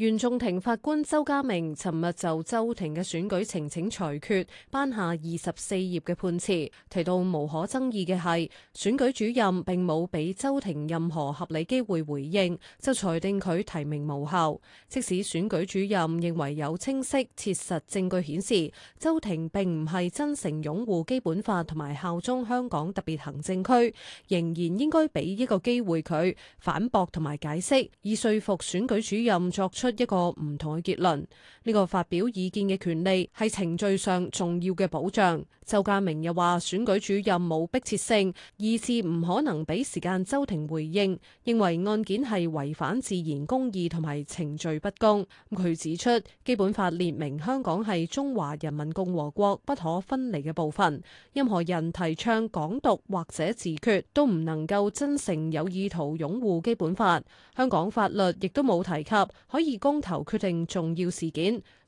袁訟庭法官周家明尋日就周庭嘅選舉呈請裁決，頒下二十四頁嘅判詞，提到無可爭議嘅係，選舉主任並冇俾周庭任何合理機會回應，就裁定佢提名無效。即使選舉主任認為有清晰切實證據顯示周庭並唔係真誠擁護基本法同埋效忠香港特別行政區，仍然應該俾一個機會佢反駁同埋解釋，以說服選舉主任作出。一個唔同嘅結論，呢、這個發表意見嘅權利係程序上重要嘅保障。周家明又話選舉主任冇迫切性，二次唔可能俾時間周庭回應，認為案件係違反自然公義同埋程序不公。佢指出，基本法列明香港係中華人民共和國不可分離嘅部分，任何人提倡港獨或者自決都唔能夠真誠有意圖擁護基本法。香港法律亦都冇提及可以。公投決定重要事件。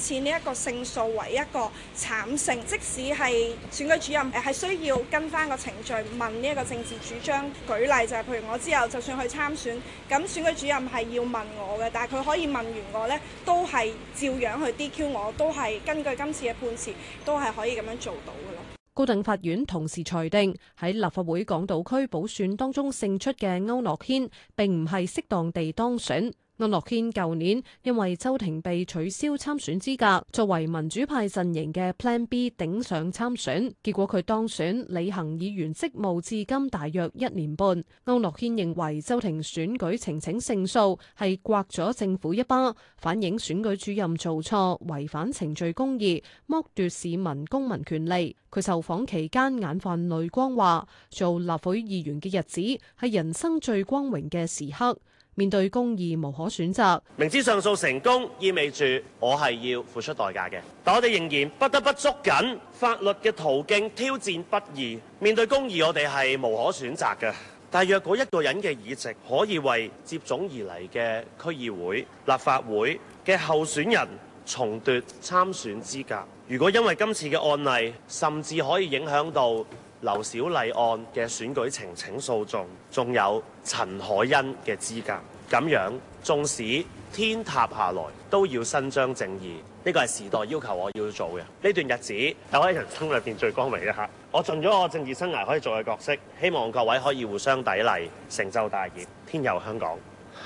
似呢一個勝訴為一個慘勝，即使係選舉主任係需要跟翻個程序問呢一個政治主張，舉例就係、是、譬如我之後就算去參選，咁選舉主任係要問我嘅，但係佢可以問完我咧，都係照樣去 DQ 我，都係根據今次嘅判詞都係可以咁樣做到嘅咯。高等法院同時裁定喺立法會港島區補選當中勝出嘅區諾軒並唔係適當地當選。區諾軒舊年因為周庭被取消參選資格，作為民主派陣營嘅 Plan B 頂上參選，結果佢當選，履行議員職務至今大約一年半。區諾軒認為周庭選舉呈請勝訴係摑咗政府一巴，反映選舉主任做錯，違反程序公義，剝奪市民公民權利。佢受訪期間眼泛淚光，話做立法會議員嘅日子係人生最光榮嘅時刻。面對公義無可選擇，明知上訴成功意味住我係要付出代價嘅，但我哋仍然不得不捉緊法律嘅途徑挑戰不義。面對公義，我哋係無可選擇嘅。但若果一個人嘅議席可以為接踵而嚟嘅區議會、立法會嘅候選人重奪參選資格，如果因為今次嘅案例，甚至可以影響到劉小麗案嘅選舉呈請訴訟，仲有陳凱欣嘅資格，咁樣，縱使天塌下來都要伸張正義，呢個係時代要求我要做嘅。呢段日子係我人生裏面最光榮一刻，我盡咗我政治生涯可以做嘅角色，希望各位可以互相砥礪，成就大業，天佑香港，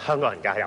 香港人加油！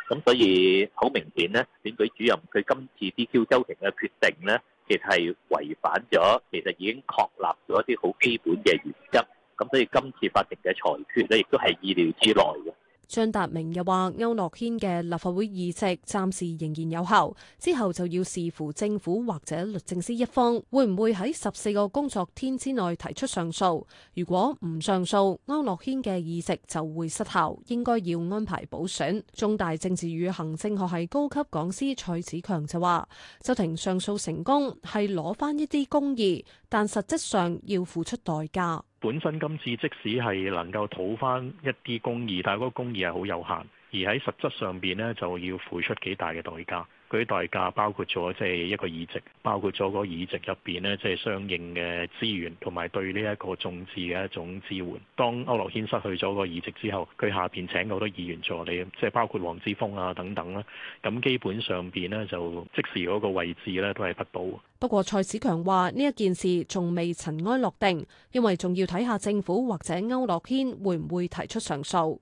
咁所以好明顯咧，選舉主任佢今次 DQ 周庭嘅決定咧，其實係違反咗，其實已經確立咗一啲好基本嘅原則，咁所以今次法庭嘅裁決咧，亦都係意料之內嘅。張達明又話：區諾軒嘅立法會議席暫時仍然有效，之後就要視乎政府或者律政司一方會唔會喺十四個工作天之內提出上訴。如果唔上訴，區諾軒嘅議席就會失效，應該要安排補選。中大政治與行政學系高級講師蔡子強就話：周庭上訴成功係攞返一啲公義，但實質上要付出代價。本身今次即使係能夠討返一啲公義，但係嗰個公義係好有限。而喺實質上邊呢，就要付出幾大嘅代價。嗰啲代價包括咗即係一個議席，包括咗個議席入邊呢，即係相應嘅資源同埋對呢一個眾志嘅一種支援。當區諾軒失去咗個議席之後，佢下邊請好多議員助理，即係包括黃之鋒啊等等啦。咁基本上邊呢，就即時嗰個位置呢都係不保。不過蔡子強話呢一件事仲未塵埃落定，因為仲要睇下政府或者區諾軒會唔會提出上訴。